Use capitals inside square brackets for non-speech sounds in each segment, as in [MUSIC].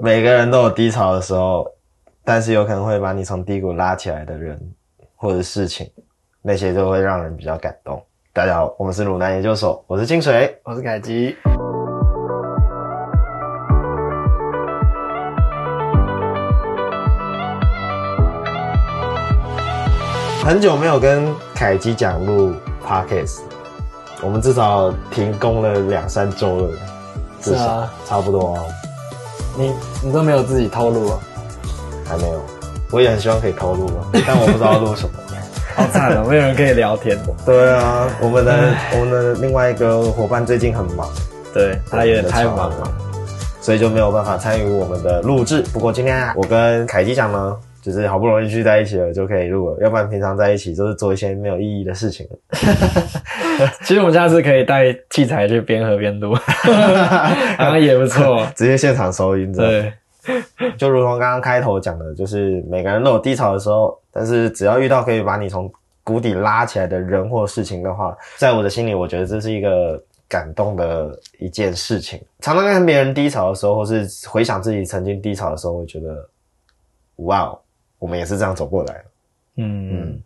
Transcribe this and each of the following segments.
每個人都有低潮的時候，但是有可能會把你從低谷拉起來的人或者事情，那些都會讓人比較感動。大家好，我們是魯男研究所，我是清水，我是凱基。是啊、很久沒有跟凱 ㄐ 講錄 podcast，我們至少停工了兩三周了，至少差不多，哦。你你都沒有自己透露啊？還沒有，我也很希望可以透露啊， [LAUGHS] 但我不知道錄什麼。 [LAUGHS] 好慘啊了， [LAUGHS] 沒有人可以聊天的。對啊，我們的唉我們的另外一個伙伴最近很忙，對，他也太忙了，所以就沒有辦法參與我們的錄製。不過今天我跟凱基講呢，就是好不容易聚在一起了，就可以錄了，要不然平常在一起都是做一些沒有意義的事情了。 [LAUGHS] [LAUGHS] 其實我們下次可以帶器材去邊喝邊錄，然後也不錯，啊，直接現場收音。對，就如同剛剛開頭講的，就是每個人都有低潮的時候，但是只要遇到可以把你從谷底拉起來的人或事情的話，在我的心裡，我覺得這是一個感動的一件事情。常常看別人低潮的時候，或是回想自己曾經低潮的時候，我覺得，哇，我們也是這樣走過來。嗯。嗯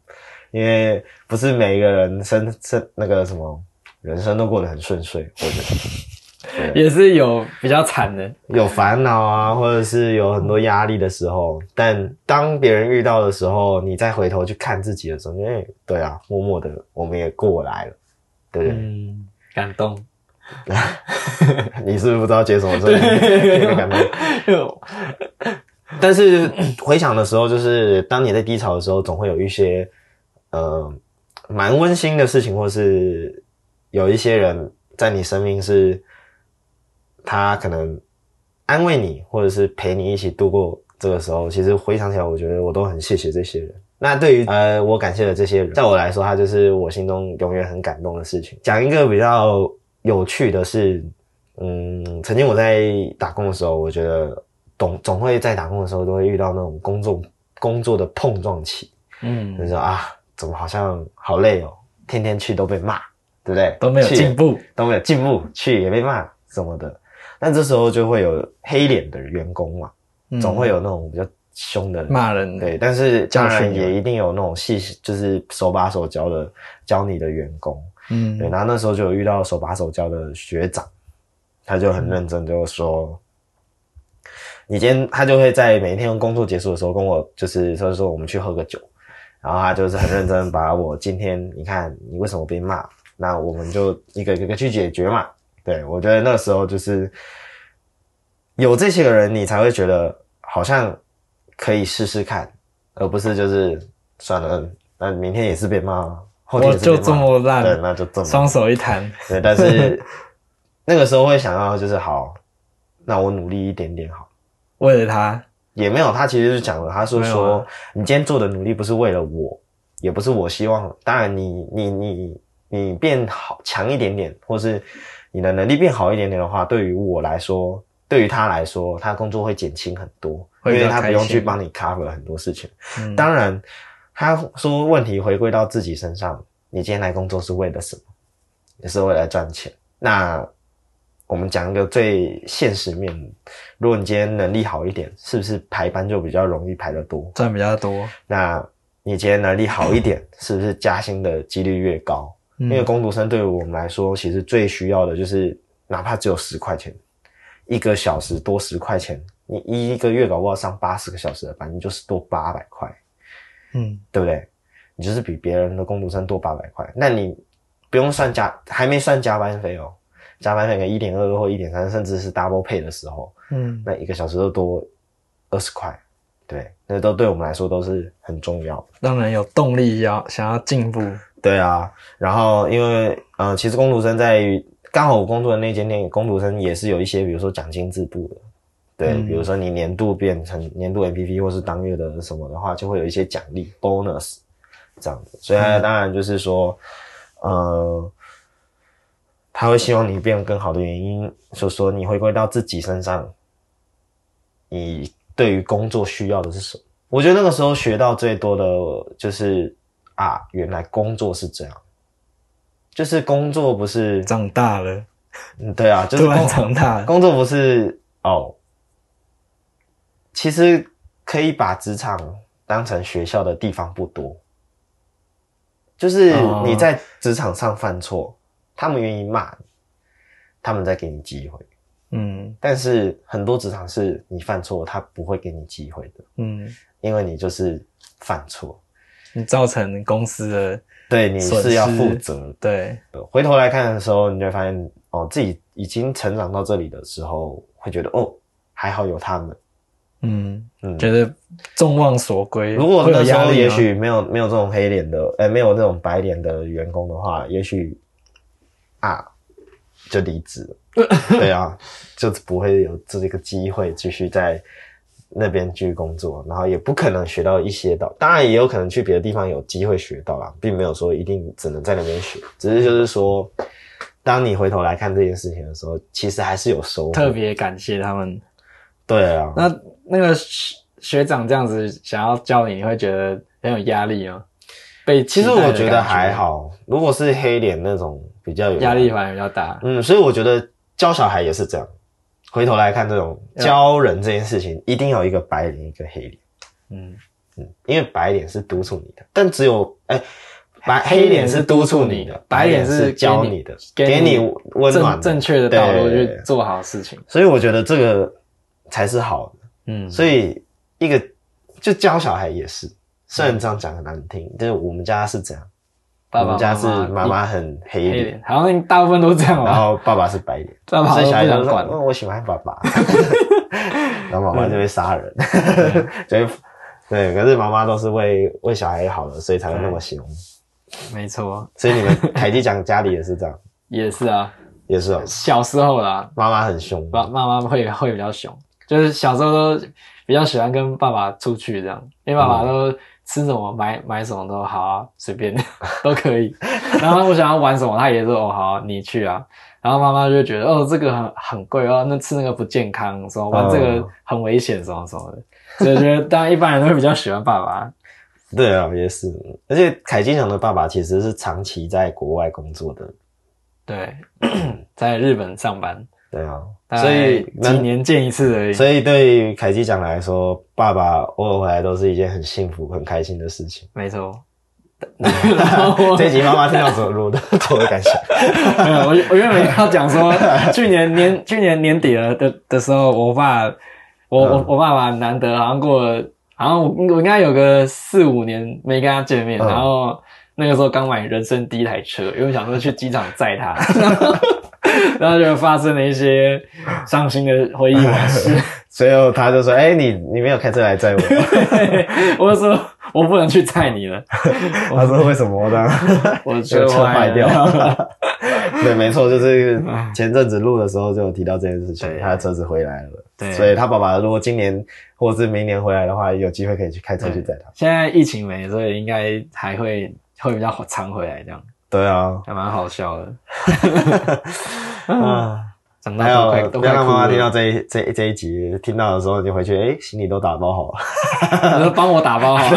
因為不是每一個人生生那個什麼人生都過得很順遂，我覺得也是有比較慘的，有煩惱啊，或者是有很多壓力的時候。嗯、但當別人遇到的時候，你再回頭去看自己的時候，因、哎、為對啊，默默的我們也過來了，對不對？嗯，感動。 [LAUGHS] 你是不是不知道接什麼？對，有 [LAUGHS] 感動。有但是回想的時候，就是當你在低潮的時候，總會有一些。呃，蠻溫馨的事情，或是有一些人在你生命是，他可能安慰你，或者是陪你一起度過這個時候。其實回想起來，我覺得我都很謝謝這些人。那對於呃，我感謝的這些人，在我來說，他就是我心中永遠很感動的事情。講一個比較有趣的是，嗯，曾經我在打工的時候，我覺得總總會在打工的時候都會遇到那種工作工作的碰撞期，嗯，就是說啊。怎麼好像好累哦？天天去都被罵，對不對？都沒有進步，都沒有進步，去也被罵什麼的。但這時候就會有黑臉的員工嘛，嗯、總會有那種比較兇的人罵人。對，但是當然也一定有那種細，就是手把手教的教你的員工。嗯，對。然後那時候就有遇到手把手教的學長，他就很認真，就說：“嗯、你今天他就會在每一天工作結束的時候跟我，就是說說我們去喝個酒。”然後他就是很認真，把我今天你看你為什麼被罵， [LAUGHS] 那我們就一個，一個一個去解決嘛。對，我覺得那時候就是有這些個人，你才會覺得好像可以試試看，而不是就是算了，那明天也是被罵了，後天我就這麼爛，對，那就這麼雙手一攤， [LAUGHS] 對。但是那個時候會想要就是好，那我努力一點點好，為了他。也沒有，他其實就講了，他是說，說、啊、你今天做的努力不是為了我，也不是我希望。當然你，你你你你變好強一點點，或是你的能力變好一點點的話，對於我來說，對於他來說，他工作會減輕很多，因為他不用去幫你 cover 很多事情。嗯、當然，他說問題回歸到自己身上，你今天來工作是為了什麼？也、嗯、是為了賺錢。那。我們講一個最現實面的，如果你今天能力好一點，是不是排班就比較容易排得多？賺比較多。那你今天能力好一點，嗯、是不是加薪的幾率越高？嗯、因為工讀生對於我們來說，其實最需要的就是，哪怕只有十塊錢，一個小時多十塊錢，你一個月搞不好上八十個小時的班，你就是多八百塊，嗯，對不對？你就是比別人的工讀生多八百塊，那你不用算加，還沒算加班費哦。加班費給一點二或一點三，甚至是 double pay 的時候，嗯，那一個小時都多二十塊，對，那都對我們來說都是很重要，當然有動力要想要進步。對啊，然後因為，呃其實工讀生在於剛好我工作的那間店，工讀生也是有一些，比如說獎金制度的，對，嗯、比如說你年度變成年度 MVP 或是當月的什麼的話，就會有一些獎勵 bonus 這樣子，所以當然就是說，嗯。呃他會希望你變更好的原因，所以說你回歸到自己身上，你對於工作需要的是什麼？我覺得那個時候學到最多的就是啊，原來工作是這樣，就是工作不是長大了，嗯，對啊，就是工長大了工作不是哦，其實可以把職場當成學校的地方不多，就是你在職場上犯錯。哦他們願意罵你，他們在給你機會，嗯。但是很多職場是你犯錯，他不會給你機會的，嗯。因為你就是犯錯，你造成公司的對你是要負責，對。回頭來看的時候，你就會發現喔，自己已經成長到這裡的時候，會覺得喔，還好有他們，嗯嗯，覺得眾望所歸。如果那時候也許沒有，沒有這種黑臉的，欸，沒有這種白臉的員工的話，也許。啊，就離職，對啊， [LAUGHS] 就不會有這個機會繼續在那邊繼續工作，然後也不可能學到一些到。當然也有可能去別的地方有機會學到啦，並沒有說一定只能在那邊學，只是就是說，當你回頭來看這件事情的時候，其實還是有收穫，特別感謝他們，對啊。那那個學學長這樣子想要教你，你會覺得很有壓力哦，被其實我覺得還好，如果是黑臉那種。比較有壓力，反而比較大。嗯，所以我覺得教小孩也是這樣。回頭來看，這種教人這件事情，一定要有一個白臉，一個黑臉。嗯嗯，因為白臉是督促你的，但只有哎、欸、白黑臉是督促你的，白臉是教你的，你的給你溫暖正確的道路去對做好事情。所以我覺得這個才是好的。嗯，所以一個就教小孩也是，雖然這樣講很難聽，但是、嗯、我們家是這樣。爸爸媽媽我們家是媽媽很黑臉，好像大部分都這樣。然後爸爸是白臉，剩下的因為我喜歡爸爸， [LAUGHS] [LAUGHS] 然後媽媽就會殺人，就會對， [LAUGHS] 對，對。可是媽媽都是為為小孩好的，所以才會那麼兇。沒錯，所以你們凱 ㄐ 講家裡也是這樣，也是啊，也是哦、啊、小時候啦、啊，媽媽很兇，媽媽媽會會比較兇，就是小時候都比較喜歡跟爸爸出去這樣，因為爸爸都。嗯吃什麼買買什麼都好啊，隨便都可以。然後我想要玩什麼，他也說哦好啊，你去啊。然後媽媽就覺得哦這個很很貴哦，那吃那個不健康，什麼玩這個很危險，什麼什麼的，所以覺得當然一般人都會比較喜歡爸爸。 [LAUGHS] 對啊，也是。而且凱 ㄐ 講的爸爸其實是長期在國外工作的，對， [COUGHS] 在日本上班。對啊、哦，所以幾年見一次而已。所以對凱基講來說，爸爸偶爾回來都是一件很幸福、很開心的事情。沒錯，這集媽媽聽到走路 [LAUGHS] 的感情，我都敢想。我我原本要講說，去年年去年年底了的的時候，我爸，我我、嗯、我爸爸難得好像過了，好像我我應該有個四五年沒跟他見面，嗯、然後那個時候剛買人生第一台車，因為想說去機場載他。 [LAUGHS] 然後就發生了一些傷心的回憶往事，最後 [LAUGHS] 他就說：“哎、欸，你你沒有開車來載我。 [LAUGHS] ” [LAUGHS] 我就說：“我不能去載你了。”我 [LAUGHS] 說：“為什麼呢？” [LAUGHS] 我說：“車壞掉了。 [LAUGHS] ”對，沒錯，就是前陣子錄的時候就有提到這件事情， [LAUGHS] 他的車子回來了。對，所以他爸爸如果今年或者是明年回來的話，有機會可以去開車去載他。現在疫情沒，所以應該還會會比較常回來這樣。對啊，還蠻好笑的。 [LAUGHS] 啊，長大還有不要讓媽媽聽到這一、這一、這一集聽到的時候，你就回去，誒、欸、行李都打包好了，能 [LAUGHS] 幫我打包好了。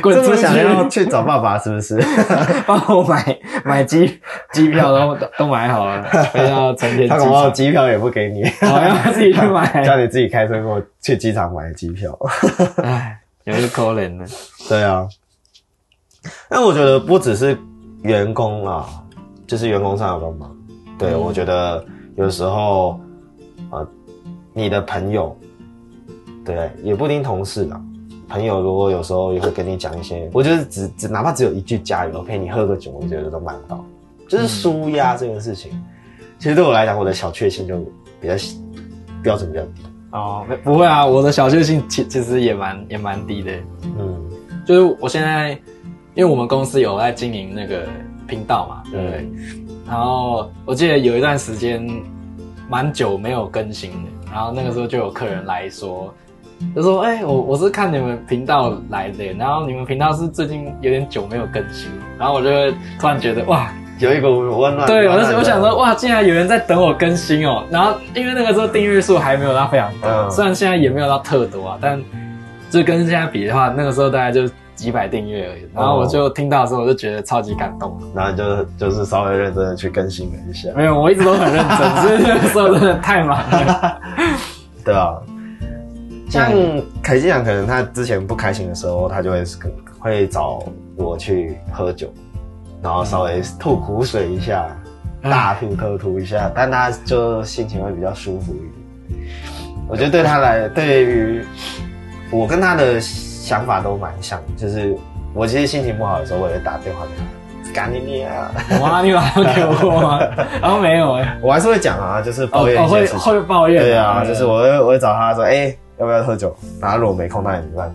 滾 [LAUGHS] [LAUGHS] 出去！想要去找爸爸是不是？幫 [LAUGHS] [LAUGHS] 我買買機票都都都買好了，還要存錢。他恐怕機票也不給你，還 [LAUGHS] 要自己去買，叫、啊、你自己開車去機場買機票。唉， [LAUGHS] 有些可憐呢。對啊。但我覺得不只是員工啊，就是員工上有幫忙。對、嗯、我覺得有時候啊、呃，你的朋友，對，也不一定同事啦，朋友如果有時候也會跟你講一些，我就是只只，哪怕只有一句加油，陪你喝個酒，我覺得都蠻好。就是紓壓這件事情，嗯、其實對我來講，我的小確幸就比較標準比較低哦，不會啊，我的小確幸其其實也蠻也蠻低的。嗯，就是我現在。因為我們公司有在經營那個頻道嘛，對，對、嗯、然後我記得有一段時間，蠻久沒有更新的。然後那個時候就有客人來說，他說：“哎、欸，我我是看你們頻道來的，然後你們頻道是，是最近有點久沒有更新。”然後我就會突然覺得，哇，有一股溫暖。對，我就我想說，哇，竟然有人在等我更新哦、喔。然後因為那個時候訂閱數還沒有到非常高，嗯、雖然現在也沒有到特多啊，但就跟現在比的話，那個時候大家就。幾百訂閱而已，然後我就聽到的時候，我就覺得超級感動、嗯。然後就就是稍微認真的去更新了一下。沒有，我一直都很認真， [LAUGHS] 所以這個時候真的太忙了。 [LAUGHS] 對啊，像凱基講，你基可能他之前不開心的時候，他就會會找我去喝酒，然後稍微吐苦水一下，嗯、大吐特吐，吐一下，但他就心情會比較舒服一點。我覺得對他來，對於我跟他的。想法都蠻像，就是我其實心情不好的時候，我也會打電話給他，幹你你啊，我哪裡有給我嗎？然後沒有，我還是會講啊，就是抱怨一些事情、哦哦、會會抱怨、啊，對啊，對啊，就是我會我會找他說，哎、欸，要不要喝酒？然後如果沒空，那也沒辦法，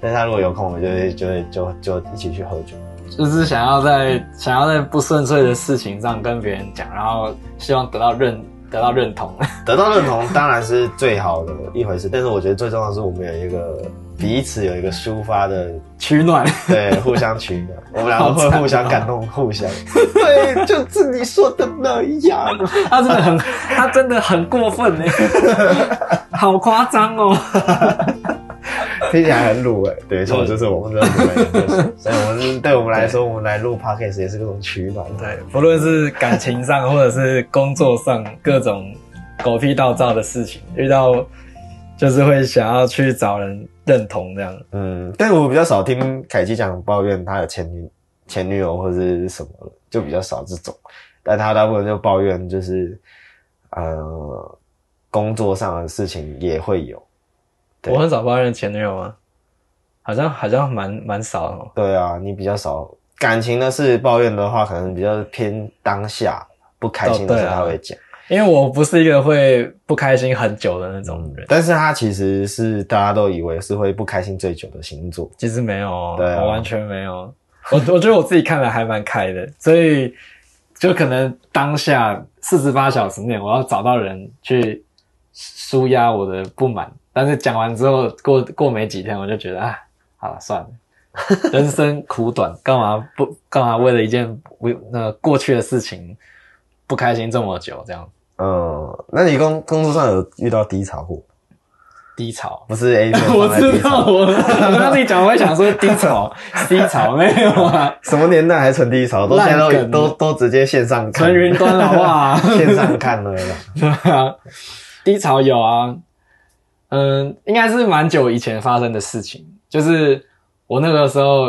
但是他如果有空，我就會就會就就一起去喝酒，就是想要在、嗯、想要在不順遂的事情上跟別人講，然後希望得到認得到認同， [LAUGHS] 得到認同當然是最好的一回事，但是我覺得最重要的是我們有一個。彼此有一個抒發的取暖，對，互相取暖， [LAUGHS] 我們兩個會互相感動，互相。對，就是你說的那樣。他真的很，他真的很過分呢， [LAUGHS] 好誇張哦。 [LAUGHS] 聽起來很魯哎，沒錯，就是我們這種感、就是、所以，我們對我們來說，對我們來錄 Podcast 也是各種取暖。對，不論是感情上，或者是工作上，各種狗屁倒灶的事情遇到。就是會想要去找人認同這樣，嗯，但是我比較少聽凱基講抱怨他有前女前女友或者什麼，就比較少這種，但他大部分就抱怨就是，呃，工作上的事情也會有。對。我很少抱怨前女友啊，好像好像蠻蠻少哦。對啊，你比較少感情的事抱怨的話，可能比較偏當下不開心的時候他會講。因為我不是一個會不開心很久的那種人，但是他其實是大家都以為是會不開心最久的星座，其實沒有，對、啊，完全沒有，我我覺得我自己看的還蠻開的， [LAUGHS] 所以就可能當下四十八小時內我要找到人去舒壓我的不滿，但是講完之後過過沒幾天我就覺得啊，好了，算了，人生苦短，幹嘛不幹嘛為了一件為那個過去的事情不開心這麼久這樣。呃、嗯、那你工工作上有遇到低潮過？低潮不是 A，我知道潮我，我那你講會想說低潮，低 [LAUGHS] 潮沒有啊？什麼年代還存低潮？都現在都跟都都直接線上看，存雲端的話，啊，線上看了，對啊，低潮有啊，嗯，應該是蠻久以前發生的事情，就是我那個時候，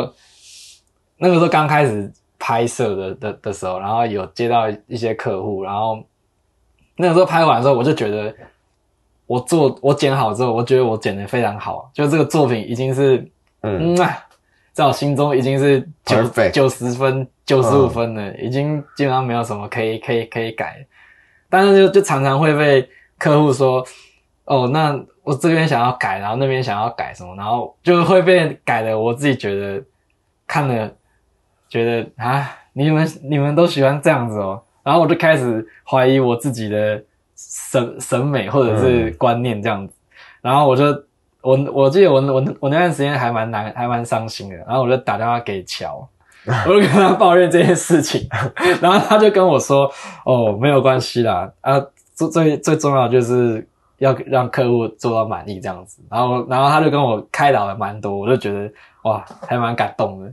那個時候剛開始拍攝的的的時候，然後有接到一些客戶，然後。那個時候拍完之後，我就覺得我做我剪好之後，我覺得我剪得非常好，就這個作品已經是嗯，在我心中已經是九九十分，九十五分了，已經基本上沒有什麼可以可以可以改。但是就就常常會被客戶說：“哦，那我這邊想要改，然後那邊想要改什麼，然後就會被改的。”我自己覺得看了覺得啊，你們你們都喜歡這樣子哦，喔。然後我就開始懷疑我自己的審審美或者是觀念這樣子，嗯、然後我就我我記得我我我那段時間還蠻難還蠻傷心的，然後我就打電話給喬，我就跟他抱怨這件事情， [LAUGHS] 然後他就跟我說哦沒有關係啦，啊最最最重要就是要讓客戶做到滿意這樣子，然後然後他就跟我開導了蠻多，我就覺得哇還蠻感動的。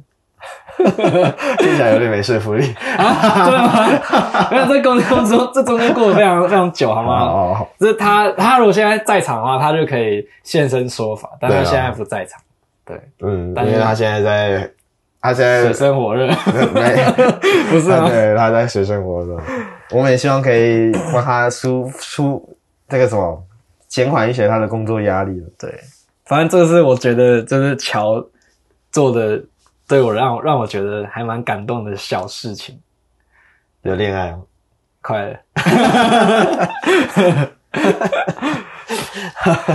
呵呵呵聽起來有點沒說服力啊！對嗎？ [LAUGHS] 沒有這工作，這中間過得非常非常久，好嗎？哦，哦哦，這他，他如果現在在場的話，他就可以現身說法，但他現在不在場。對，啊、對，嗯，但是因為他現在在，他現在水深火熱，沒有 [LAUGHS] 不是嗎？對，他在水深火熱。我們也希望可以幫他疏疏那個什麼，減緩一些他的工作壓力，對，反正這是我覺得，就是喬做的。對，我讓我讓我覺得還蠻感動的小事情有戀，有戀愛哦？快了，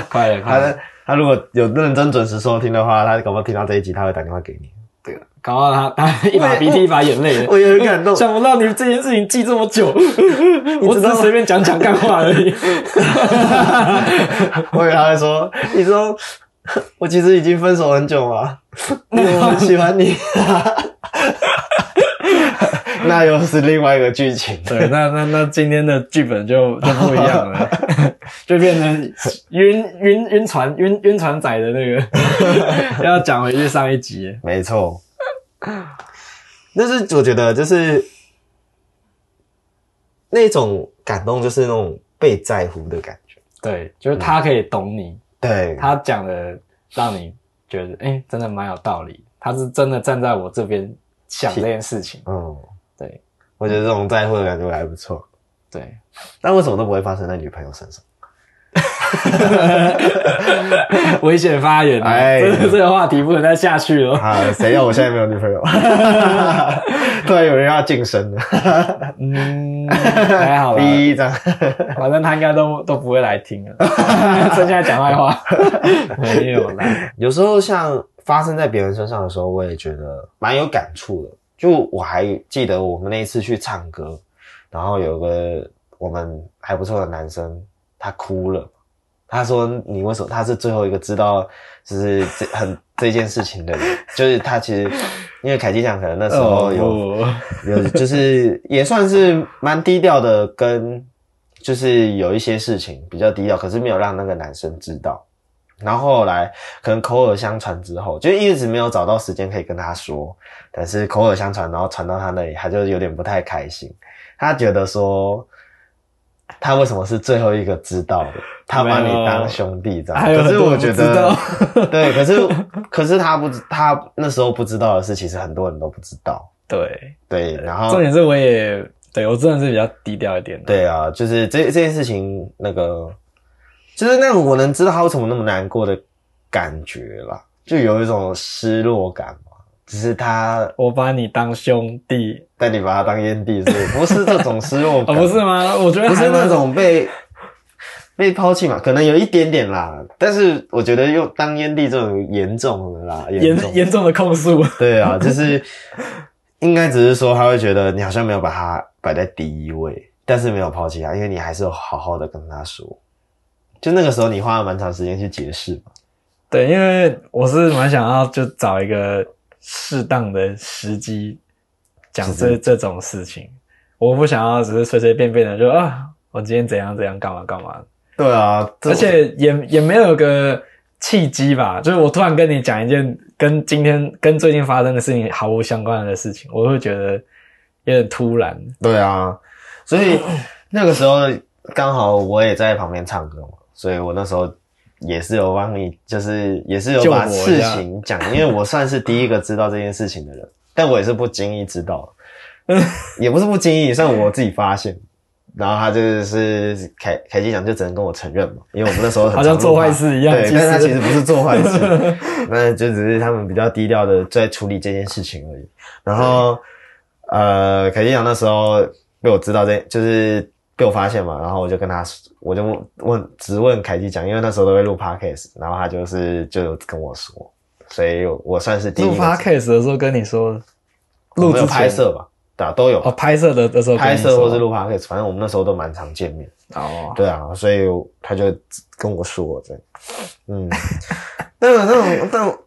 快了，快了他。他他如果有認真準時收聽的話，他搞不好聽到這一集，他會打電話給你。對了，搞到他他一把鼻涕一把眼淚，我也很感動。 [LAUGHS] 想不到你這件事情記這麼久，你我只是隨便講講幹話而已。我以為他會說，你說。我其實已經分手很久了，我很喜歡你啊。 [LAUGHS] 那又是另外一個劇情，對，那那那今天的劇本就就不一樣了， [LAUGHS] 就變成暈暈暈船暈暈船仔的那個， [LAUGHS] 要講回去上一集。沒錯，那是，就是我覺得就是那種感動，就是那種被在乎的感覺。對，就是他可以懂你。嗯對他講的，讓你覺得哎，真的蠻有道理。他是真的站在我這邊想這件事情。哦、對嗯，對，我覺得這種在乎的感覺還不錯。嗯、對，但為什麼都不會發生在女朋友身上？ [LAUGHS] 危險發言！哎，唉，這個話題不可能再下去了。啊，誰要？我現在沒有女朋友。 [LAUGHS] 突然有人要晉升了。 [LAUGHS] 嗯，還好吧。第一張， [LAUGHS] 反正他應該都都不會來聽了。 [LAUGHS] 剩下講壞話。 [LAUGHS] 沒有了。有時候像發生在別人身上的時候，我也覺得蠻有感觸的。就我還記得我們那一次去唱歌，然後有個我們還不錯的男生，他哭了。他說：“你為什麼？他是最後一個知道，就是這很這件事情的人。就是他其實，因為凱 ㄐ 講，可能那時候有有，就是也算是蠻低調的，跟就是有一些事情比較低調，可是沒有讓那個男生知道。然後後來可能口耳相傳之後，就一直沒有找到時間可以跟他說，但是口耳相傳，然後傳到他那裡，他就有點不太開心。他覺得說。”他為什麼是最後一個知道的？他把你當兄弟，這樣子。有可是我覺得， [LAUGHS] 對，可是可是他不，他那時候不知道的是，其實很多人都不知道。對對，然後重點是我也，對，我真的是比較低調一點的。對啊，就是這這件事情，那個就是那我能知道他為什麼那麼難過的感覺吧，就有一種失落感。只是他，他，我把你當兄弟，但你把他當煙蒂，是不是？不是這種失落感， [LAUGHS] 哦、不是嗎？我覺得不是那種被 [LAUGHS] 被拋棄嘛，可能有一點點啦。但是我覺得又當煙蒂這種嚴重的啦，嚴嚴重，重的控訴，對啊，就是應該只是說他會覺得你好像沒有把他擺在第一位，但是沒有拋棄他，因為你還是有好好的跟他說。就那個時候，你花了蠻長時間去解釋嘛？對，因為我是蠻想要就找一個。適當的時機講，這是是這種事情，我不想要，只是隨隨便便便的說啊，我今天怎樣怎樣幹嘛幹嘛。幹嘛，對啊，而且也也沒有個契機吧，就是我突然跟你講一件跟今天跟最近發生的事情毫無相關的事情，我會覺得有點突然。對啊，所以那個時候剛好我也在旁邊唱歌嘛，所以我那時候。也是有幫你，就是也是有把事情講，因為我算是第一個知道這件事情的人，但我也是不經意知道，也不是不經意，算我自己發現。然後他就是凱凱金講，祥就只能跟我承認嘛，因為我們那時候好像做壞事一樣，對，但他其實不是做壞事，那就只是他們比較低調的在處理這件事情而已。然後，呃，凱金講那時候被我知道這，這就是。被我發現嘛，然後我就跟他，我就問，問只直問凱基講，因為那時候都會錄 podcast 然後他就是就有跟我說，所以我，我算是第一錄 podcast 的時候跟你說，錄有拍攝吧，對啊都有，哦、拍攝的時候拍攝或是錄 podcast 反正我們那時候都蠻常見面，哦，對啊，所以他就跟我說這，嗯， [LAUGHS] 那種那種那種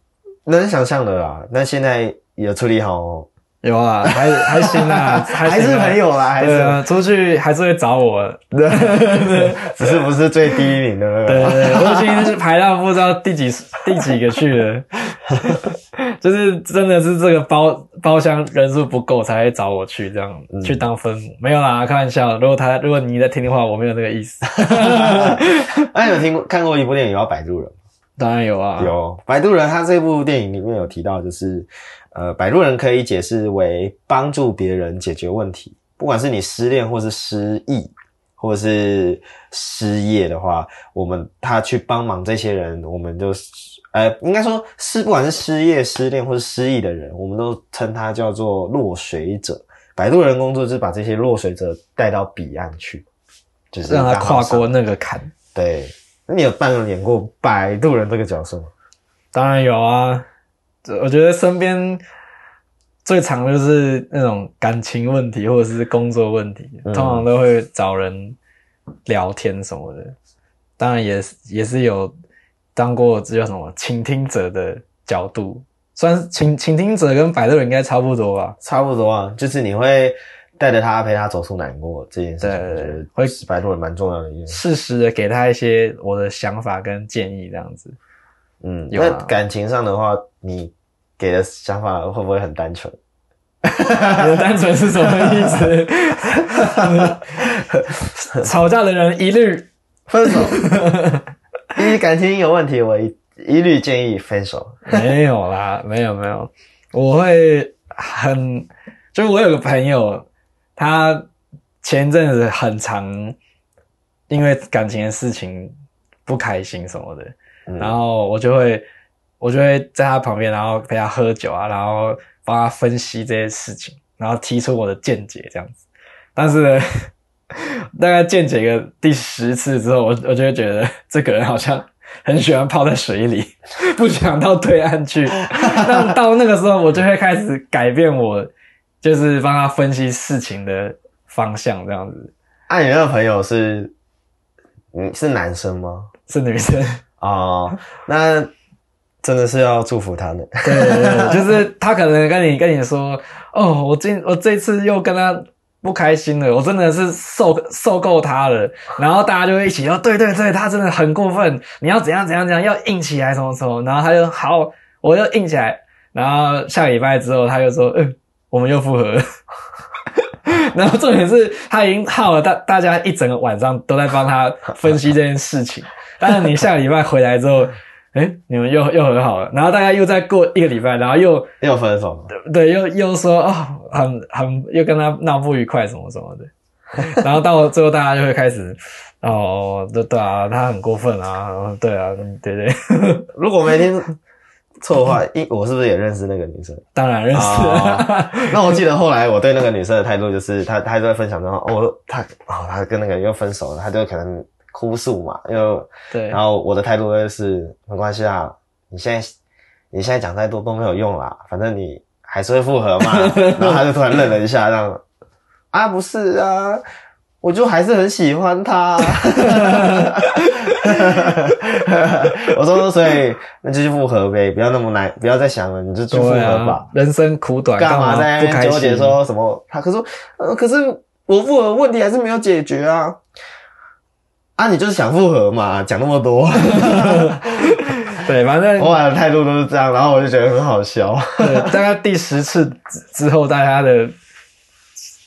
能想象的啦，那現在也處理好。有啊，還還行啊，還是朋友啦。對啊，出去還是會找我，只是不是最低一名的。對對對， [LAUGHS] 我今就是排到不知道第幾第幾個去了， [LAUGHS] 就是真的是這個包包廂人數不夠才會找我去這樣、嗯、去當分母。沒有啦，開玩笑。如果他如果你在聽的話，我沒有那個意思。然、 [LAUGHS] [LAUGHS] 啊、有聽過看過一部電影叫、啊《擺渡人》？當然有啊。有《擺渡人》，他這部電影裡面有提到，就是。呃，擺渡人可以解釋為幫助別人解決問題，不管是你失戀，或是失意，或是失業的話，我們他去幫忙這些人，我們就，呃，應該說是不管是失業、失戀或是失意的人，我們都稱他叫做落水者。擺渡人工作就是把這些落水者帶到彼岸去，就是讓他跨過那個坎。對，那你有扮演過擺渡人這個角色嗎？當然有啊。我覺得身邊最常的就是那種感情問題或者是工作問題，嗯，通常都會找人聊天什麼的。當然，也是也是有當過叫什麼傾聽者的角度，雖然傾傾聽者跟擺渡人應該差不多吧？差不多啊，就是你會帶着他陪他走出難過這件事情，對，是擺渡人蠻重要的一，因為適時的給他一些我的想法跟建議，這樣子。嗯，那感情上的話，啊、你給的想法會不會很單純？ [LAUGHS] 你的單純是什麼意思？ [LAUGHS] [LAUGHS] 吵架的人一律分手，因為 [LAUGHS] 感情有問題，我一,一律建議分手。沒有啦，沒有沒有，我會很，就是我有個朋友，他前陣子很常因為感情的事情不開心什麼的。然後我就會，我就會在他旁邊，然後陪他喝酒啊，然後幫他分析這些事情，然後提出我的見解這樣子。但是呢，大概見解個第十次之後，我我就會覺得這個人好像很喜歡泡在水裡，不想到對岸去。那到那個時候，我就會開始改變我，就是幫他分析事情的方向這樣子。啊，你的朋友是，你是男生嗎？是女生。哦，uh, 那真的是要祝福他了。 [LAUGHS] 對，對，對，就是他可能跟你跟你說：“哦，我今我這次又跟他不開心了，我真的是受受夠他了。”然後大家就一起說：“對對對，他真的很過分，你要怎樣怎樣怎樣，要硬起來什麼什麼。”然後他就好，我就硬起來。然後下個禮拜之後，他就說：“嗯，我們又複合了。 [LAUGHS] ”然後重點是，他已經耗了大大家一整個晚上都在幫他分析這件事情。 [LAUGHS] 但是你下禮拜回來之後，誒、欸、你們又又和好了。然後大家又再過一個禮拜，然後又又分手嘛，對，又又說哦，很很又跟他鬧不愉快，什麼什麼的。然後到了最後大家就會開始哦，對啊，他很過分啊，對啊，對對、對。如果我沒聽錯的話，一，我是不是也認識那個女生？當然認識、哦。那我記得後來我對那個女生的態度就是他，他他在分享說，哦，他哦，他跟那個人又分手了，他就可能。哭訴嘛，因為，對，然後我的態度就是對沒關係啊，你現在你現在講再多都沒有用啦，反正你還是會復合嘛。 [LAUGHS] 然後他就突然愣了一下，這樣，啊不是啊，我就還是很喜歡他。啊。 [LAUGHS] [LAUGHS] 我說，說，所以那就去復合唄，不要那麼難，不要再想了，你就去復合吧。人生苦短，幹嘛在糾結說什麼？他，啊、可是呃，可是我復合問題還是沒有解決啊。啊，你就是想復合嘛，講那麼多， [LAUGHS] 對，反正我倆的態度都是這樣，然後我就覺得很好笑。對，大概第十次之後，大家的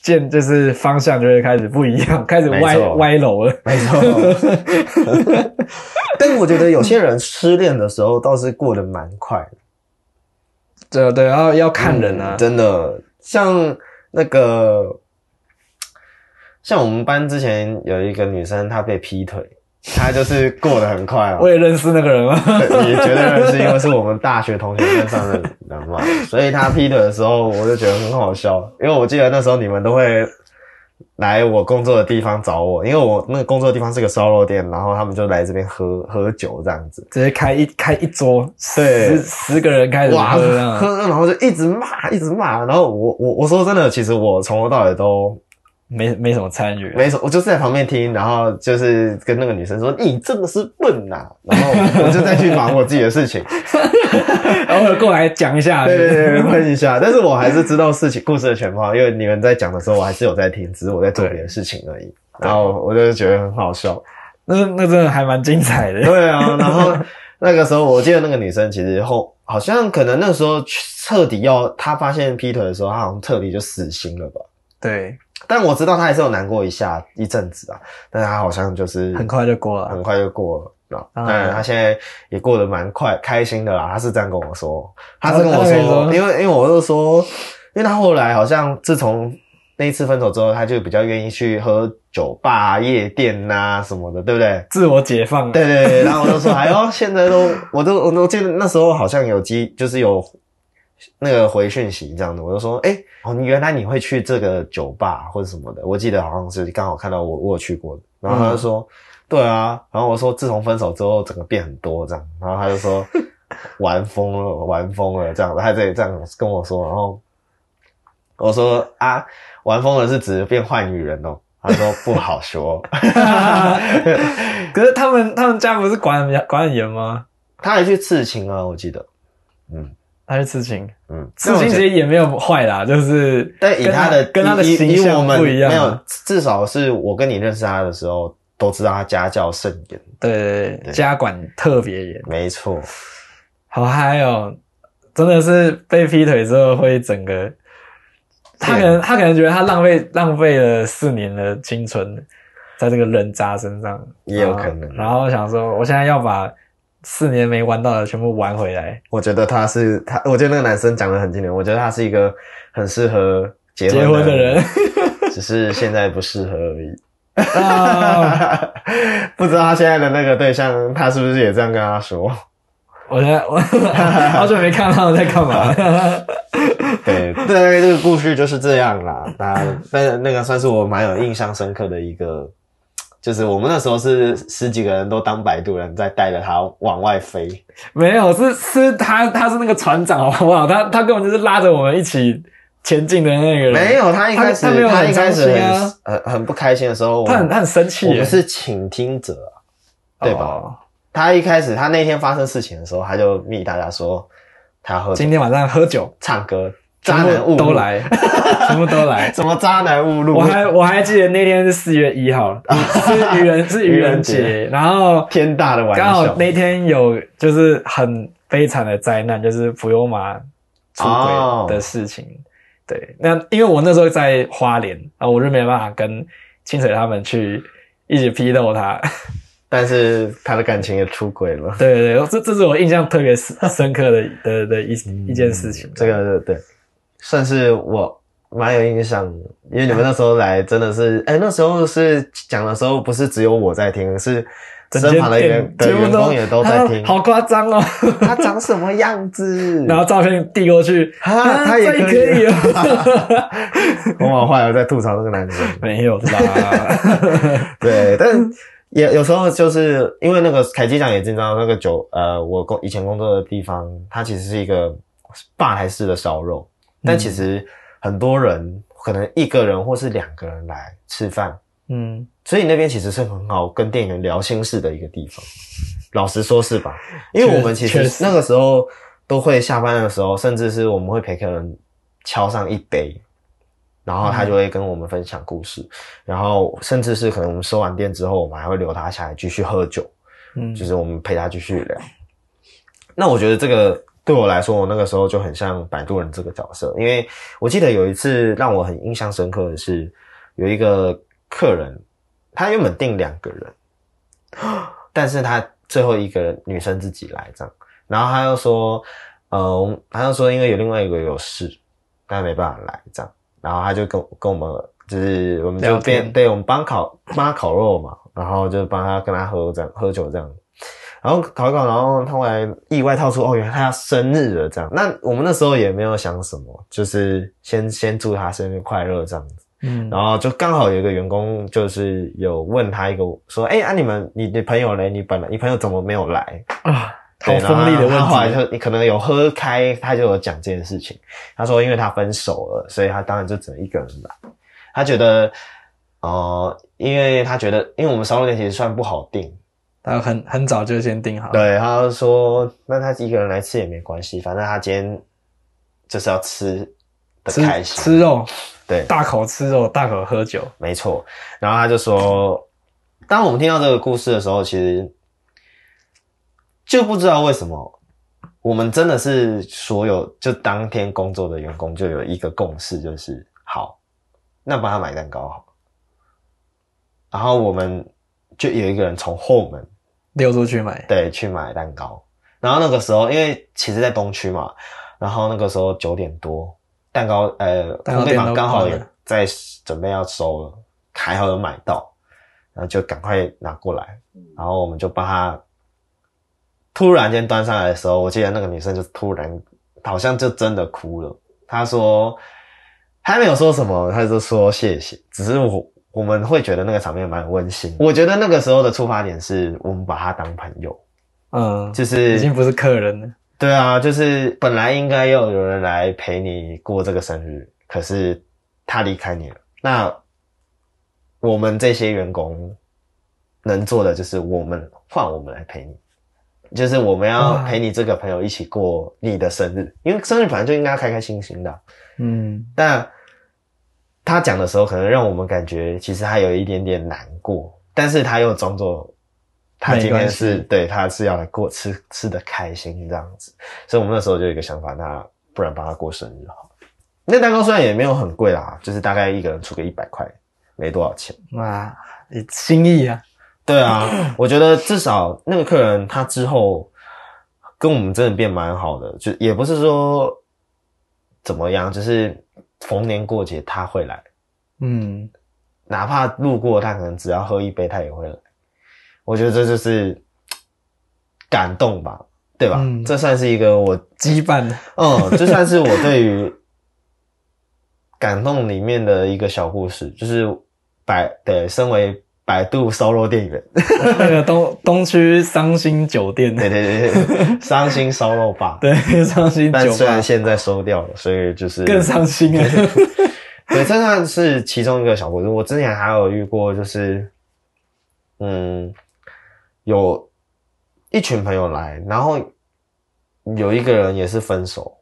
見就是方向就會開始不一樣，開始歪錯歪樓了。沒錯錯， [LAUGHS] 但我覺得有些人失戀的時候倒是過得蠻快的。對對，然後要看人啊。嗯，真的，像那個。像我們班之前有一個女生，她被劈腿，她就是過得很快，喔，我也認識那個人嗎？也絕對認識，因為是我們大學同學面上的人嘛。 [LAUGHS] 所以她劈腿的時候，我就覺得很好笑，因為我記得那時候你們都會來我工作的地方找我，因為我那個工作的地方是個燒肉店，然後他們就來這邊喝喝酒這樣子，直接開一開一桌，對，十十個人開始，哇，喝喝，然後就一直罵，一直罵，然後我我我說真的，其實我從頭到尾都。沒沒什麼參與，沒什麼，我就是在旁邊聽，然後就是跟那個女生說：“欸、你真的是笨吶、啊！”然後我就再去忙我自己的事情， [LAUGHS] [LAUGHS] 然後過來講一下， [LAUGHS] 對，對對，問一下。但是我還是知道事情故事的全貌，因為你們在講的時候，我還是有在聽，只是我在做別的事情而已。對然後我就覺得很好笑，那那真的還蠻精彩的。對啊，然後那個時候，我記得那個女生其實後好像可能那個時候徹底要她發現劈腿的時候，她好像徹底就死心了吧？對。但我知道他還是有難過一下、一陣子啊，但是他好像就是很快就過了，嗯、很快就過了，那、嗯，當然他現在也過得蠻快、開心的啦。他是這樣跟我說，他是跟我說，嗯嗯、說，因為因為我就說，因為他後來好像自從那一次分手之後，他就比較願意去喝酒吧、夜店吶、啊、什麼的，對不對？自我解放、欸。對對對，然後我就說， [LAUGHS] 哎呦，現在都我都我都記得那時候好像有幾就是有。那個回訊息這樣子，我就說，哎、欸，哦，你原來你會去這個酒吧或者什麼的，我記得好像是剛好看到我，我有去過的。然後他就說，對啊。然後我說，自從分手之後，整個變很多這樣。然後他就說，玩瘋了，玩瘋了這樣子。他這裡這樣跟我說，然後我說，啊，玩瘋了是指變壞女人哦、喔。他說不好說。 [LAUGHS] 可是他們他們家不是管比較管很嚴嗎？他還去刺青啊，我記得，嗯。他是癡情，嗯，癡情其實也沒有壞啦，就是，對，跟他的跟他的形象不一樣，沒有，至少是我跟你認識他的時候，都知道他家教甚嚴，對對對，對家管特別嚴，沒錯錯。好嗨哦、喔，真的是被劈腿之後會整個，他可能對他可能覺得他浪費浪費了四年的青春，在這個人渣身上也有可能。嗯、然後想說，我現在要把，四年沒玩到的，全部玩回來。我覺得他是他，我覺得那個男生講的很經典。我覺得他是一個很適合結婚的人，的人 [LAUGHS] 只是現在不適合而已。Oh. [LAUGHS] 不知道他現在的那個對象，他是不是也這樣跟他說？我在我好久沒看到他在幹嘛？ [LAUGHS] [LAUGHS] 對，對，這個故事就是這樣啦。那，那那個算是我蠻有印象深刻的一個。就是我們那時候是十幾個人都當擺渡人，在帶着他往外飛。沒有，是是他，他是那個船長，好不好？他他根本就是拉着我們一起前進的那個人。沒有，他一開始他，他沒有很開心啊，他一開始很很不開心的時候，他很他很生氣。我們是傾聽者啊，對吧？Oh. 他一開始他那天發生事情的時候，他就密大家說他喝酒，今天晚上喝酒唱歌。渣男誤都來，什麼都來， [LAUGHS] 什麼渣男誤入。我還我還記得那天是四月一號， [LAUGHS] 是愚人是愚人節， [LAUGHS] 然後天大的玩笑。剛好那天有就是很悲慘的災難，就是普悠瑪出軌的事情。哦、對，那因為我那時候在花蓮啊，然後我是沒辦法跟清水他們去一起批鬥他，但是他的感情也出軌了。對對對，這這是我印象特別深刻的的,的,的一、嗯、一件事情。這個對對。算是我蠻有印象的，因為你們那時候來真的是，哎、嗯欸，那時候是講的時候不是只有我在聽，是身旁的員工也都在聽，啊、好誇張哦， [LAUGHS] 他長什麼樣子？然後照片遞過去，哈哈、啊，啊、他也可以，啊。哈哈哈哈。我好壞來、哦、在吐槽那個男人。沒有吧？ [LAUGHS] 對，但也有時候就是因為那個凱 ㄐ 講也經常那個酒，呃，我工以前工作的地方，它其實是一個吧台式的燒肉。但其實很多人可能一個人或是兩個人來吃飯，嗯，所以那邊其實是很好跟店員聊心事的一個地方。老實說，是吧？因為我們其實那個時候都會下班的時候，甚至是我們會陪客人敲上一杯，然後他就會跟我們分享故事，嗯，然後甚至是可能我們收完店之後，我們還會留他下來繼續喝酒，嗯，就是我們陪他繼續聊。那我覺得這個。對我來說，我那個時候就很像擺渡人這個角色，因為我記得有一次讓我很印象深刻的是，有一個客人，他原本訂兩個人，但是他最後一個女生自己來這樣，然後他又說，呃，他又說因為有另外一個有事，但沒辦法來這樣，然後他就跟跟我們，就是我們就變天，對，我們幫他烤，幫他烤肉嘛，然後就幫他跟他喝這樣，喝酒這樣。然後搞一搞，然後他後來意外套出，哦，原來他要生日了，這樣。那我們那時候也沒有想什麼，就是先先祝他生日快樂這樣子。嗯，然後就剛好有一個員工就是有問他一個，說，哎，啊你，你們你你朋友嘞？你本來你朋友怎麼沒有來啊？好鋒利的問話，後後就，你可能有喝開，他就有講這件事情。他說，因為他分手了，所以他當然就只能一個人來。他覺得，哦、呃，因為他覺得，因為我們商務練其實算不好定。他很很早就先訂好，對，他就說，那他一個人來吃也沒關係，反正他今天就是要吃的開心吃，吃肉，對，大口吃肉，大口喝酒，沒錯。然後他就說，當我們聽到這個故事的時候，其實就不知道為什麼，我們真的是所有就當天工作的員工就有一個共識，就是好，那幫他買蛋糕好。然後我們就有一個人從後門。溜出去買，對，去買蛋糕。然後那個時候，因為其實，在東區嘛。然後那個時候九點多，蛋糕，呃，那對方剛好也在準備要收了，還好有買到，然後就趕快拿過來。然後我們就把它突然間端上來的時候，我記得那個女生就突然好像就真的哭了。她說，她沒有說什麼，她就說謝謝，只是我。我們會覺得那個場面蠻溫馨。我覺得那個時候的出發點是我們把他當朋友，嗯，就是已經不是客人了。對啊，就是本來應該要有，有人來陪你過這個生日，可是他離開你了。那我們這些員工能做的就是我們換我們來陪你，就是我們要陪你這個朋友一起過你的生日，哇因為生日反正就應該要開開心心的，嗯，但。他講的時候，可能讓我們感覺其實他有一點點難過，但是他又裝作他今天是對他是要來過吃吃得開心這樣子，所以我們那時候就有一個想法，那不然幫他過生日好？那蛋糕雖然也沒有很貴啦，就是大概一個人出個一百塊，沒多少錢。哇，你心意啊！對啊，我覺得至少那個客人他之後跟我們真的變蠻好的，就也不是說怎麼樣，就是。逢年過節他會來，嗯，哪怕路過他可能只要喝一杯他也會來，我覺得這就是感動吧，對吧？嗯，這算是一個我羈絆，嗯，這算是我對於感動裡面的一個小故事， [LAUGHS] 就是擺，對，身為。百度燒肉店員， [LAUGHS] 那個東東區傷心酒店，對 [LAUGHS] 對對對，傷心燒肉吧，對，傷心。但雖然現在收掉了，所以就是更傷心了 [LAUGHS] 對， [LAUGHS] 對，這算是其中一個小故事。我之前還有遇過，就是嗯，有一群朋友來，然後有一個人也是分手，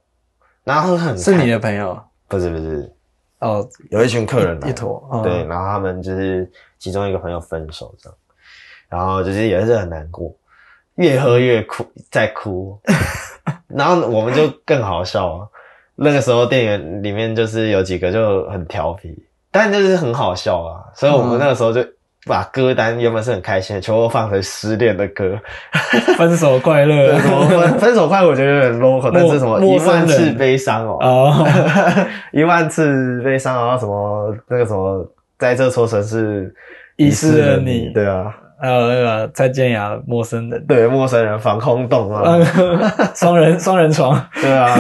然後很，是你的朋友？不是不是。哦，有一群客人一，一坨，嗯、對，然後他們就是其中一個朋友分手這樣，然後就是也是很難過，越喝越哭，在哭， [LAUGHS] 然後我們就更好笑、啊，那個時候店員裡面就是有幾個就很調皮，但就是很好笑啊，所以我們那個時候就、嗯。把歌單原本是很開心，的，全部放成失戀的歌， [LAUGHS] 分手快樂，分，分，分手快，我覺得有點 low，可能是什麼一萬次悲傷哦，哦 [LAUGHS] 一萬次悲傷然後、哦、什麼那個什麼在這座城市遺失的你， [LAUGHS] 對啊，還有那個蔡健雅，陌生的，對，陌生人防空洞啊，嗯、雙人雙人床， [LAUGHS] 對啊，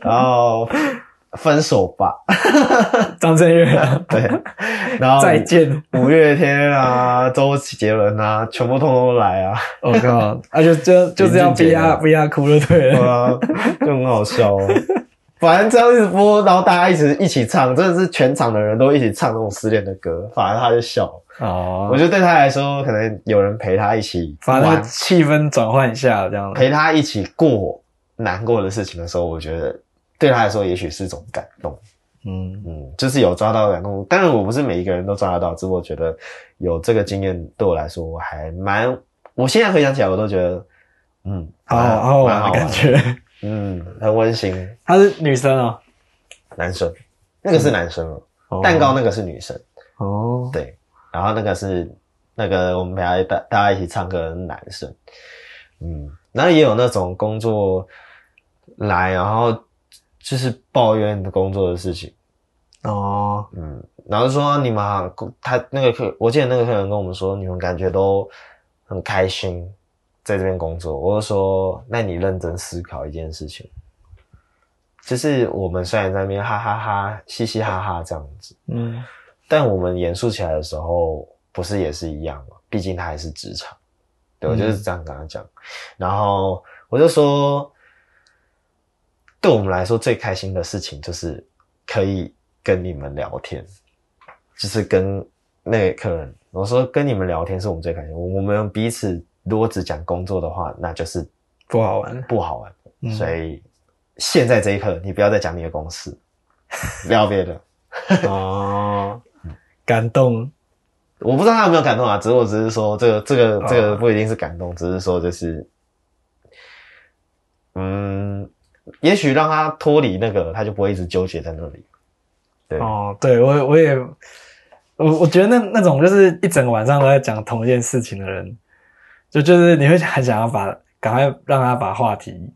然後。 [LAUGHS] 分手吧，哈哈哈，張震岳對，然後 [LAUGHS] 再見五月天啊，周杰倫啊，全部通通都來啊！我 [LAUGHS] 靠、oh 啊，而且就就這樣不要不要哭就對了 [LAUGHS] 對、啊，就很好笑哦。 [LAUGHS] 反正這樣一直播，然後大家一直一起唱，真的是全場的人都一起唱那種失戀的歌，反而他就笑哦。Oh. 我覺得對他來說，可能有人陪他一起，反正氣氛轉換一下這樣，陪他一起過難過的事情的時候，我覺得。對他來說，也許是一種感動，嗯嗯，就是有抓到感動。當然，我不是每一個人都抓得到，只不過覺得有這個經驗，對我來說我還蠻……我現在回想起來，我都覺得，嗯，哦哦，蠻好的、哦、的感覺，嗯，很溫馨。她是女生哦，男生，那個是男生哦，嗯、蛋糕那個是女生哦，對，然後那個是那個我們陪他大大家一起唱歌的男生，嗯，然後也有那種工作來，然後。就是抱怨你的工作的事情哦，嗯，然後就說你們他那個客，我記得那個客人跟我們說，你們感覺都很開心，在這邊工作。我就說，那你認真思考一件事情，就是我們雖然在那邊哈哈哈、哈、嘻嘻哈哈這樣子，嗯，但我們嚴肅起來的時候，不是也是一樣嗎？畢竟他還是職場，對，我、嗯、就是這樣跟他講，然後我就說。對我們來說最開心的事情就是可以跟你們聊天，就是跟那個客人，我說跟你們聊天是我們最開心。我們彼此如果只講工作的話，那就是不好玩，不好玩。嗯、所以現在這一刻，你不要再講你的公司，聊 [LAUGHS] 別的。 [LAUGHS] 哦，感動，我不知道他有沒有感動啊，只是我只是說這個這個這個不一定是感動，哦、只是說就是，嗯。也許讓他脫離那個，他就不會一直糾結在那裡。對哦，對我我也我我覺得那那種就是一整晚上都在講同一件事情的人，就就是你會很想要把趕快讓他把話題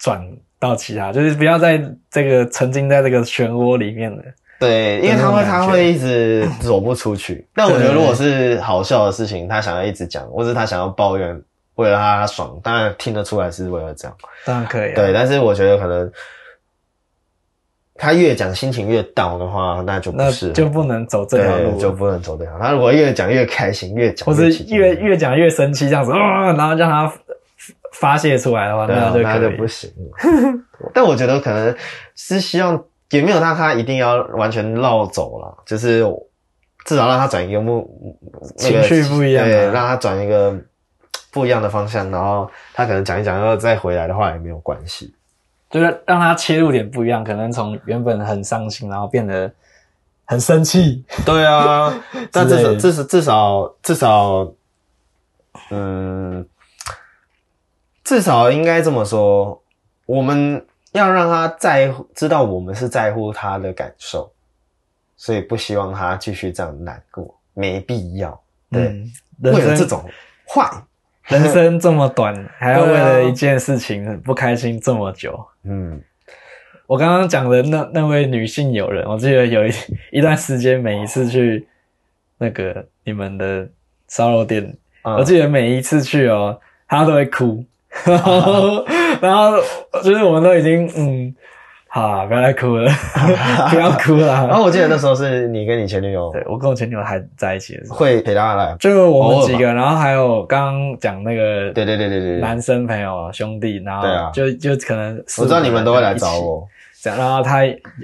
轉到其他，就是不要在這個沉浸在這個漩渦裡面了。對，因為他會他會一直走不出去。 [LAUGHS] 但我覺得如果是好笑的事情，他想要一直講，或者是他想要抱怨。為了他爽，當然聽得出來是為了這樣，當然可以、啊。對，但是我覺得可能他越講心情越 down 的話，那就不那就不能走這條路，就不能走這樣。他如果越講越開心，越講或者越越講越生氣這樣子啊、呃，然後讓他發洩出來的話，對、啊、那，就可那就不行。 [LAUGHS] 但我覺得可能是希望也沒有他，他一定要完全繞走了，就是至少讓他轉一個，那個、情緒不一樣、啊對，讓他轉一個。不一樣的方向，然後他可能講一講，然後再回來的話也沒有關係，就是讓他切入點不一樣，可能從原本很傷心，然後變得很生氣。對啊， [LAUGHS] 但至少至少至少至少，嗯，至少應該這麼說，我們要讓他在乎，知道我們是在乎他的感受，所以不希望他繼續這樣難過，沒必要。對，嗯，為了這種話。 [LAUGHS] 人生這麼短，還要為了一件事情很不開心這麼久？嗯，我剛剛講的那那位女性友人，我記得有一一段時間，每一次去那個你們的燒肉店，啊、我記得每一次去哦、喔，她都會哭， [LAUGHS] 啊、 [LAUGHS] 然後就是我們都已經嗯。好、啊，不要再哭了啊、 [LAUGHS] 不要哭了、啊，不要哭了。然後我記得那時候是你跟你前女友，對我跟我前女友還在一起是是，的時候，會陪她來，就我們幾個，然後還有剛剛講那個，對對對對對，男生朋友兄弟，然後對啊，就就可能就，我知道你們都會來找我，這樣，然後他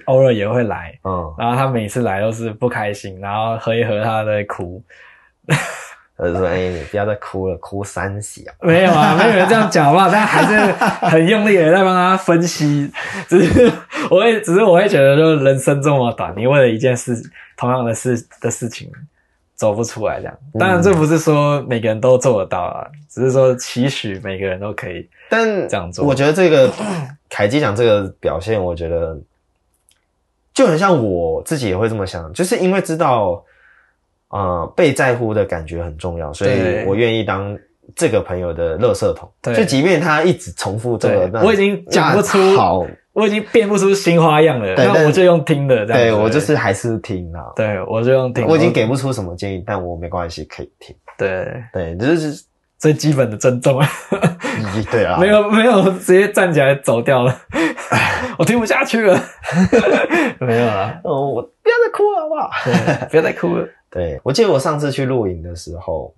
偶爾也會來，嗯，然後他每次來都是不開心，然後喝一喝，他在哭。 [LAUGHS] 他說：“哎、欸，你不要再哭了，哭三小。”沒有啊，沒有人這樣講，話， [LAUGHS] 但還是很用力的在幫他分析，只是我會，只是我會覺得，就人生這麼短，你為了一件事，同樣的事的事情，走不出來這樣。當然，這不是說每個人都做得到啊，嗯、只是說期許每個人都可以。但這樣做，但我覺得這個凱 [LAUGHS] 基講這個表現，我覺得就很像我自己也會這麼想，就是因為知道。啊，被在乎的感覺很重要，所以我願意當這個朋友的垃圾桶。對，就即便他一直重複這個，我已經講不出好，我已經變不出新花樣了。那我就用聽的。對，我就是還是聽啊。對，我就用聽。我已經給不出什麼建議，但我沒關係，可以聽。對，對，這是最基本的尊重啊。對啊。沒有，沒有，直接站起來走掉了。我聽不下去了。沒有啊。哦，我不要再哭了，好不好？不要再哭了。對，我記得我上次去露營的時候，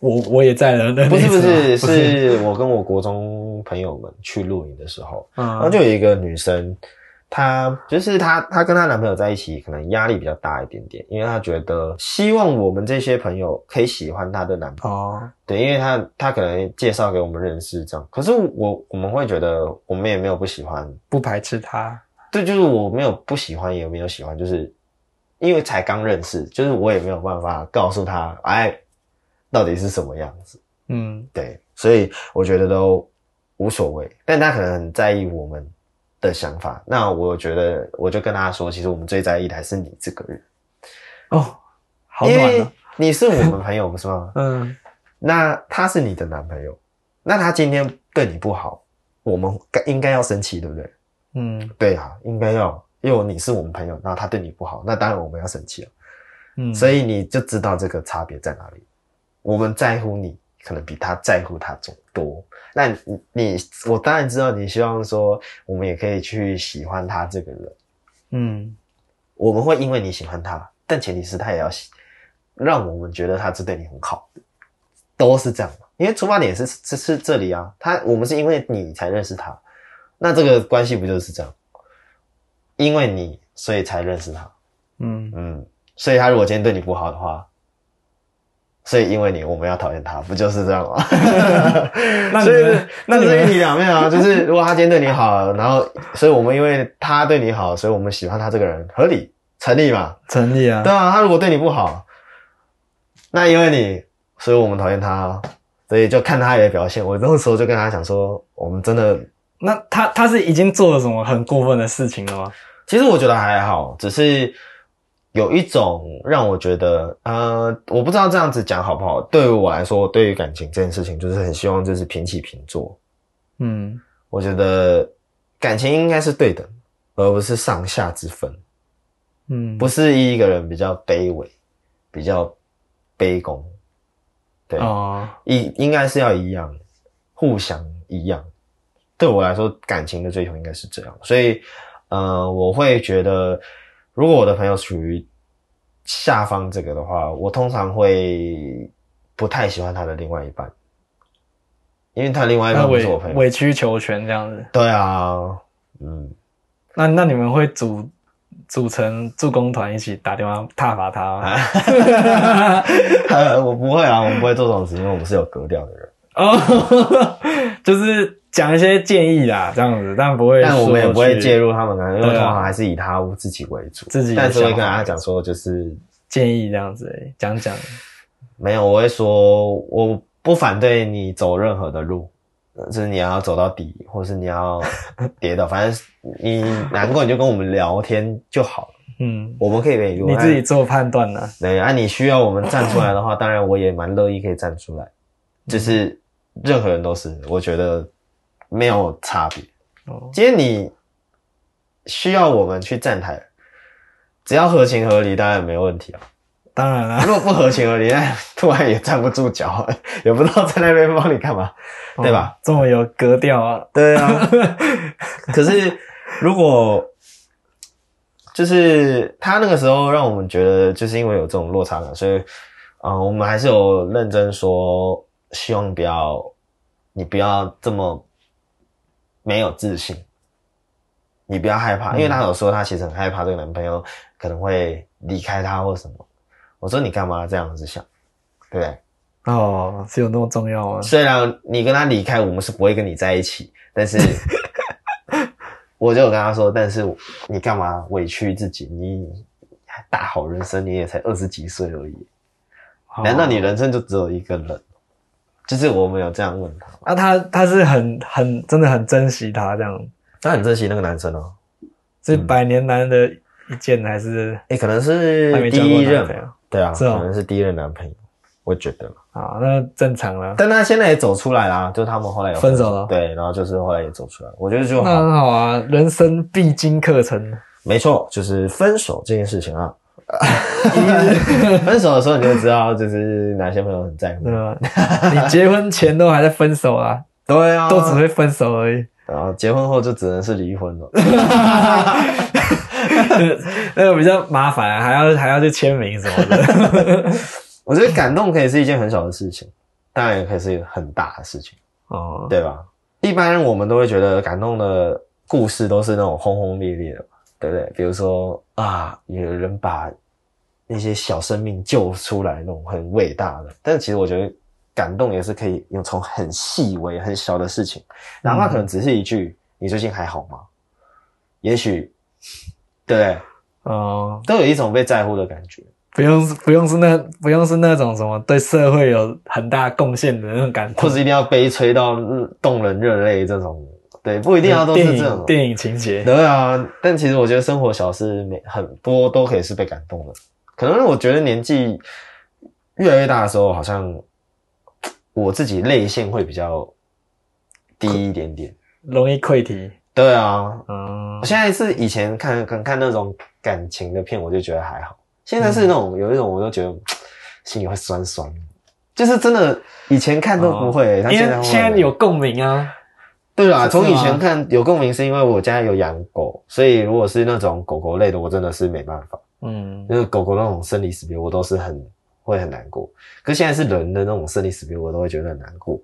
我我也在了。不是不是，不是，是我跟我國中朋友們去露營的時候，嗯是，然後就有一個女生，她、嗯、就是她，她跟她男朋友在一起，可能壓力比較大一點點，因為她覺得希望我們這些朋友可以喜歡她的男朋友。哦。對，因為她她可能介紹給我們認識這樣，可是我我們會覺得我們也沒有不喜歡，不排斥她，對，就是我沒有不喜歡，也沒有喜歡，就是。因為才剛認識，就是我也沒有辦法告訴他，哎，到底是什麼樣子，嗯，對，所以我覺得都無所謂，但他可能很在意我們的想法，那我覺得我就跟他說，其實我們最在意的還是你這個人，哦，好暖啊，哦，因為你是我們朋友不 [LAUGHS] 是嗎？嗯，那他是你的男朋友，那他今天對你不好，我們該應該要生氣對不對？嗯，對啊，應該要。因為你是我們朋友，那他對你不好，那當然我們要生氣了。嗯，所以你就知道這個差別在哪裡。我們在乎你，可能比他在乎他總多。那你，你，我當然知道你希望說，我們也可以去喜歡他這個人。嗯，我們會因為你喜歡他，但前提是他也要讓我們覺得他是對你很好的，都是這樣，因為出發點是是是這裡啊，他我們是因為你才認識他，那這個關係不就是這樣？嗯因為你，所以才認識他，嗯嗯，所以他如果今天對你不好的話，所以因為你，我們要討厭他，不就是這樣嗎？ [LAUGHS] [LAUGHS] 那就是、所以、就是，那是一體兩面啊，就是如果他今天對你好， [LAUGHS] 然後，所以我們因為他對你好，所以我們喜歡他這個人，合理成立嘛？成立啊。對啊，他如果對你不好，那因為你，所以我們討厭他，所以就看他也表現。我那個時候就跟他講說，我們真的，那他他是已經做了什麼很過分的事情了嗎？其實我覺得還好，只是有一種讓我覺得，呃，我不知道這樣子講好不好。對於我來說，對於感情這件事情，就是很希望就是平起平坐，嗯，我覺得感情應該是對等，而不是上下之分，嗯，不是一個人比較卑微，比較卑躬，對啊，一、哦、應該是要一樣，互相一樣。對我來說，感情的追求應該是這樣，所以。嗯、呃，我會覺得，如果我的朋友屬於下方這個的話，我通常會不太喜歡他的另外一半，因為他另外一半不是我朋友，委曲求全這樣子。對啊，嗯，那那你們會組組成助攻團一起打電話撻伐他嗎？我不會啊，我們不會做這種事，因為我們是有格調的人。哦，oh, [LAUGHS] 就是講一些建議啦，這樣子，但不會，但我們也不會介入他們、啊、因為通常還是以他自己為主。自己、啊，但只會跟大家講說，就是建議這樣子、欸，講講。沒有，我會說，我不反對你走任何的路，就是你要走到底，或是你要跌倒， [LAUGHS] 反正你難過你就跟我們聊天就好，嗯，我們可以陪你。你自己做判斷呢、啊啊？對，啊，你需要我們站出來的話， [LAUGHS] 當然我也蠻樂意可以站出來。就是任何人都是，我覺得沒有差別。今天你需要我們去站台，只要合情合理，當然沒問題啊。當然了。如果不合情合理，那突然也站不住腳，也不知道在那邊幫你幹嘛，對吧？這麼有格調啊！對啊。可是如果就是他那個時候讓我們覺得，就是因為有這種落差感，所以啊、呃，我們還是有認真說。希望你不要，你不要這麼沒有自信，你不要害怕，因為他有說他其實很害怕這個男朋友可能會離開他或什麼。我說你幹嘛這樣子想，對不對？哦，是有那麼重要嗎、啊？雖然你跟他離開，我們是不會跟你在一起，但是 [LAUGHS] [LAUGHS] 我就有跟他說，但是你幹嘛委屈自己？你大好人生，你也才二十幾歲而已，哦、難道你人生就只有一個人？其實我沒有這樣問他，啊，他他是很很真的很珍惜他這樣，他很珍惜那個男生哦，是百年難得一見還是誒、欸、可能是第一任、啊，男朋友啊對啊，哦、可能是第一任男朋友，我覺得啊那正常了，但他現在也走出來啦，就他們後來有分手，分手了，對，然後就是後來也走出來，我覺得就好那很好啊，人生必經課程，沒錯，就是分手這件事情啊。 [LAUGHS] 分手的時候你就知道，就是哪些朋友很在乎，對吧、？ [LAUGHS] 嗯。你結婚前都還在分手啊？對啊，都只會分手而已。然後結婚後就只能是離婚了。 [LAUGHS] [LAUGHS] 那個比較麻煩、啊，還要還要去簽名什麼的。 [LAUGHS] 我覺得感動可以是一件很小的事情，當然也可以是很大的事情，哦，對吧？一般我們都會覺得感動的故事都是那種轟轟烈烈的嘛，對不對？比如說。啊，有人把那些小生命救出來，那種很偉大的。但其實我覺得，感動也是可以用從很細微、很小的事情，哪怕可能只是一句“嗯哼，你最近還好嗎”，也許，對，嗯，都有一種被在乎的感覺。不用，不用是那，不用是那種什麼對社會有很大貢獻的那種感覺，或是一定要悲催到動人熱淚這種。對，不一定要都是這種電影，電影情節。對啊，但其實我覺得生活小事很多都可以是被感動的。可能我覺得年紀越來越大的時候，好像我自己淚腺會比較低一點點，容易潰堤。對啊，嗯，我現在是以前看跟看，看那種感情的片，我就覺得還好。現在是那種有一種，我都覺得、嗯、心裡會酸酸，就是真的以前看都不會，因為現在你有共鳴啊。對啊，從以前看有共鳴，是因為我家有養狗，所以如果是那種狗狗類的，我真的是沒辦法。嗯，因為狗狗那種生離死別，我都是很會很難過。可現在是人的那種生離死別，我都會覺得很難過。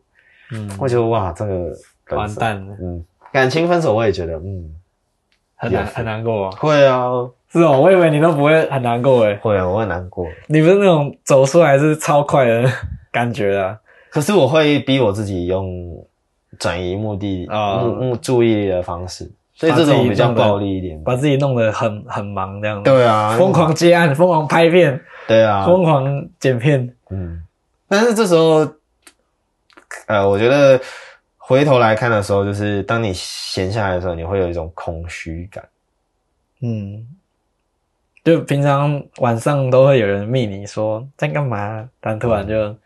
嗯，我覺得哇，這個完蛋了。嗯，感情分手我也覺得，嗯，很難很難過啊。會啊，是哦，我以為你都不會很難過誒。會 [LAUGHS] 啊，我會難過。你不是那種走出來是超快的感覺啊？ [LAUGHS] 可是我會逼我自己用。轉移目的、oh, 目目注意力的方式，所以這種比較暴力一點把，把自己弄得很很忙這樣子。對啊，瘋狂接案，瘋哇狂拍片，對啊，瘋狂剪片。嗯，但是這時候，呃，我覺得回頭來看的時候，就是當你閒下來的時候，你會有一種空虛感。嗯，就平常晚上都會有人密你說，說在幹嘛，但突然就、嗯、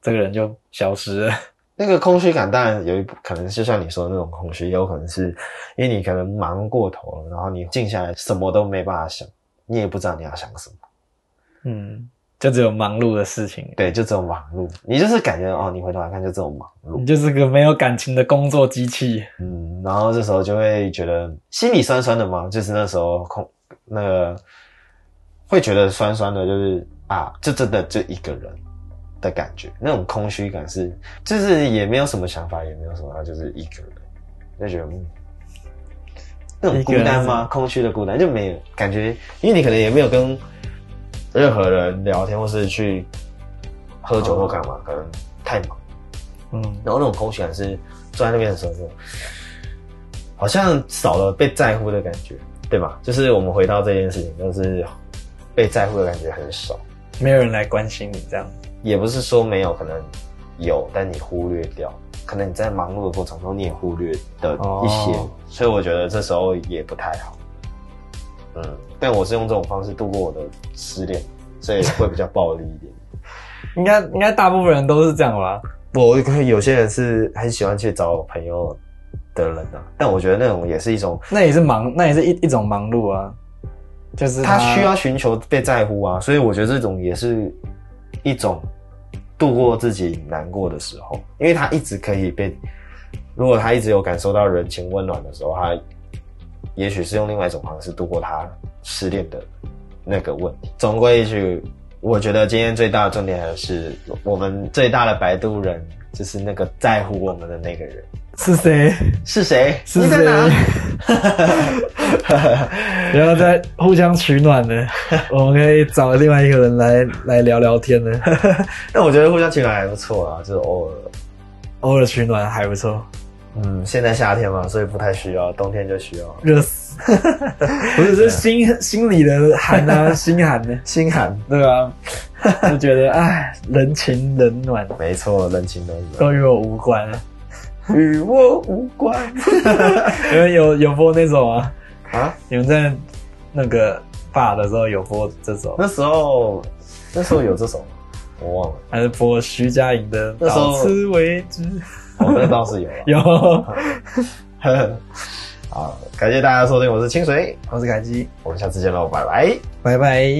這個人就消失了。那個空虛感當然有一部可能就像你說的那種空虛，也有可能是因為你可能忙過頭了，然後你靜下來什麼都沒辦法想，你也不知道你要想什麼，嗯，就只有忙碌的事情，對，就只有忙碌，你就是感覺哦，你回頭來看就這種忙碌，你就是個沒有感情的工作機器，嗯，然後這時候就會覺得心裡酸酸的嘛，就是那時候空那個會覺得酸酸的，就是啊，就真的就一個人的感覺，那種空虛感是，就是也沒有什麼想法，也沒有什麼，就是一個人就覺得、嗯，那種孤單嗎？空虛的孤單就沒有感覺，因為你可能也沒有跟任何人聊天，或是去喝酒或幹嘛，哦、可能太忙。嗯，然後那種空虛感是坐在那邊的時候，好像少了被在乎的感覺，對吧？就是我們回到這件事情，就是被在乎的感覺很少，沒有人來關心你這樣。也不是說沒有，可能有，但你忽略掉，可能你在忙碌的過程中你也忽略的一些，oh. 所以我覺得這時候也不太好。嗯，但我是用這種方式度過我的失戀，所以會比較暴力一點。 [LAUGHS] 應該應該大部分人都是這樣吧？我有些人是很喜歡去找朋友的人啊。但我覺得那種也是一種，那也是忙，那也是一一種忙碌啊，就是他，他需要尋求被在乎啊，所以我覺得這種也是。一種度過自己難過的時候，因為他一直可以被，如果他一直有感受到人情溫暖的時候，他也許是用另外一種方式度過他失戀的那個問題。總歸一句，我覺得今天最大的重點還是我們最大的擺渡人，就是那個在乎我們的那個人。是誰？是誰？是誰？然後在互相取暖呢？ [LAUGHS] 我們可以找另外一個人來來聊聊天呢。那 [LAUGHS] 我覺得互相取暖還不錯啊，就是偶爾偶爾取暖還不錯。嗯，現在夏天嘛，所以不太需要，冬天就需要。熱熱死！ [LAUGHS] 不是，是心 [LAUGHS] 心裡的寒啊，心寒呢， [LAUGHS] 心寒，對吧、啊？ [LAUGHS] 就覺得哎，人情冷暖，沒錯，人情冷暖都與我無關。與我無關， [LAUGHS] 你們有有播那種啊啊，你們在那個 bar 的時候有播這首？那時候，那時候有這首、嗯、我忘了，還是播徐佳瑩的《到此為止》？ [LAUGHS] 哦，那倒是有有。 [LAUGHS] 好，感謝大家收聽，我是清水，我是凱基，我們下次見嘍，拜拜，拜拜。